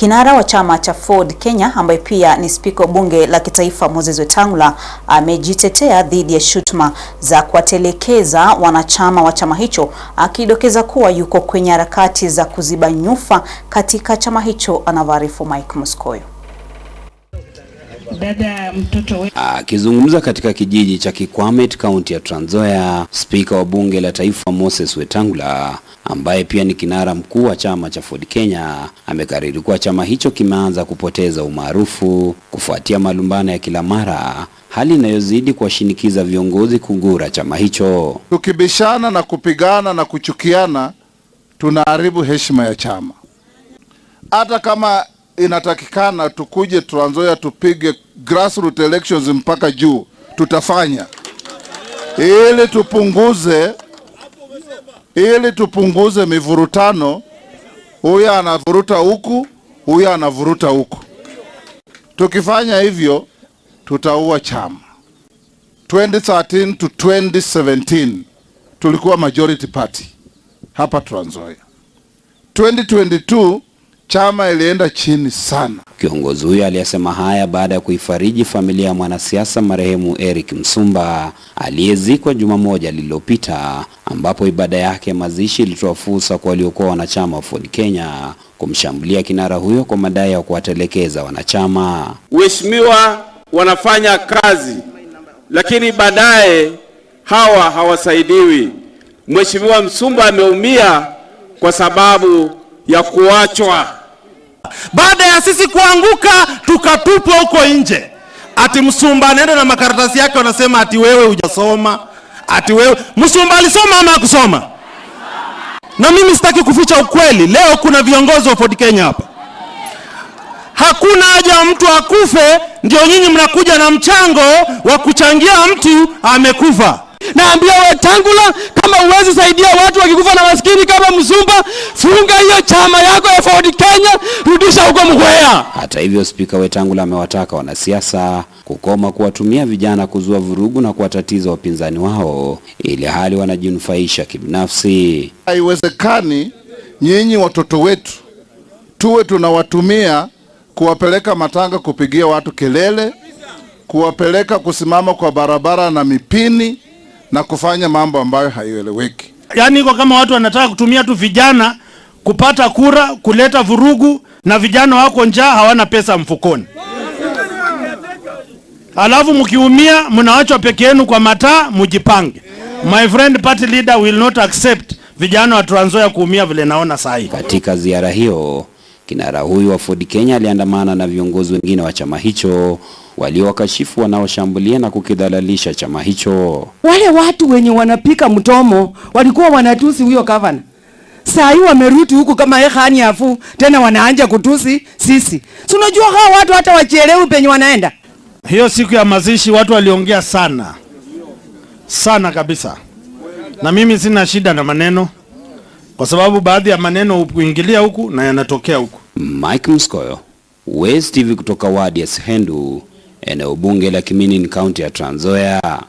Kinara wa chama cha Ford Kenya ambaye pia ni spika wa bunge la kitaifa Moses Wetang'ula amejitetea dhidi ya shutuma za kuwatelekeza wanachama wa chama hicho, akidokeza kuwa yuko kwenye harakati za kuziba nyufa katika chama hicho, anavyoarifu Mike Muskoyo dada mtoto wetu. Akizungumza katika kijiji cha Kikwamet, kaunti ya Trans Nzoia, spika wa bunge la taifa Moses Wetangula ambaye pia ni kinara mkuu wa chama cha Ford Kenya amekariri kuwa chama hicho kimeanza kupoteza umaarufu kufuatia malumbano ya kila mara, hali inayozidi kuwashinikiza viongozi kugura chama hicho. Tukibishana na kupigana na kuchukiana, tunaharibu heshima ya chama. Hata kama inatakikana tukuje Trans Nzoia tupige grassroots elections mpaka juu, tutafanya ili tupunguze ili tupunguze mivurutano, huyu anavuruta huku, huyu anavuruta huku. Tukifanya hivyo tutaua chama. 2013 to 2017 tulikuwa majority party hapa Trans Nzoia. 2022 chama ilienda chini sana. Kiongozi huyo aliyesema haya baada ya kuifariji familia ya mwanasiasa marehemu Eric Msumba aliyezikwa juma moja lililopita, ambapo ibada yake ya mazishi ilitoa fursa kwa waliokuwa wanachama wa Ford Kenya kumshambulia kinara huyo kwa madai ya kuwatelekeza wanachama. Mheshimiwa, wanafanya kazi, lakini baadaye hawa hawasaidiwi. Mheshimiwa Msumba ameumia kwa sababu ya kuachwa baada ya sisi kuanguka, tukatupwa huko nje. Ati Msumba anaenda na makaratasi yake, wanasema ati wewe hujasoma, ati wewe. Msumba alisoma ama hakusoma? Na mimi sitaki kuficha ukweli. Leo kuna viongozi wa Ford Kenya hapa. Hakuna haja mtu akufe, ndio nyinyi mnakuja na mchango wa kuchangia mtu amekufa. Naambia we Tangula, kama uwezi saidia watu wakikufa na maskini kama Msumba, funga hiyo chama yako ya Ford Kenya. Kisa huko Mkwea. Hata hivyo, Spika Wetangula amewataka wanasiasa kukoma kuwatumia vijana kuzua vurugu na kuwatatiza wapinzani wao ili hali wanajinufaisha kibinafsi. Haiwezekani nyinyi watoto wetu tuwe tunawatumia kuwapeleka matanga kupigia watu kelele, kuwapeleka kusimama kwa barabara na mipini na kufanya mambo ambayo haieleweki. Yaani iko kama watu wanataka kutumia tu vijana kupata kura, kuleta vurugu na vijana wako njaa, hawana pesa mfukoni, alafu mkiumia mnawachwa peke yenu kwa mataa, mjipange. My friend party leader will not accept vijana wa Trans Nzoia kuumia vile naona saa hii. Katika ziara hiyo kinara huyu wa Ford Kenya aliandamana na viongozi wengine wa chama hicho waliowakashifu wanaoshambulia na kukidhalalisha chama hicho. Wale watu wenye wanapika mtomo walikuwa wanatusi huyo gavana Saa hii wamerudi huku kama ehani afu tena wanaanja kutusi sisi. Si unajua hao watu hata wachelewi penye wanaenda. Hiyo siku ya mazishi watu waliongea sana sana kabisa, na mimi sina shida na maneno, kwa sababu baadhi ya maneno kuingilia huku na yanatokea huku. Mike Mskoyo, West TV, kutoka wadi ya Sihendu, eneo bunge la Kimini, kaunti ya Trans Nzoia.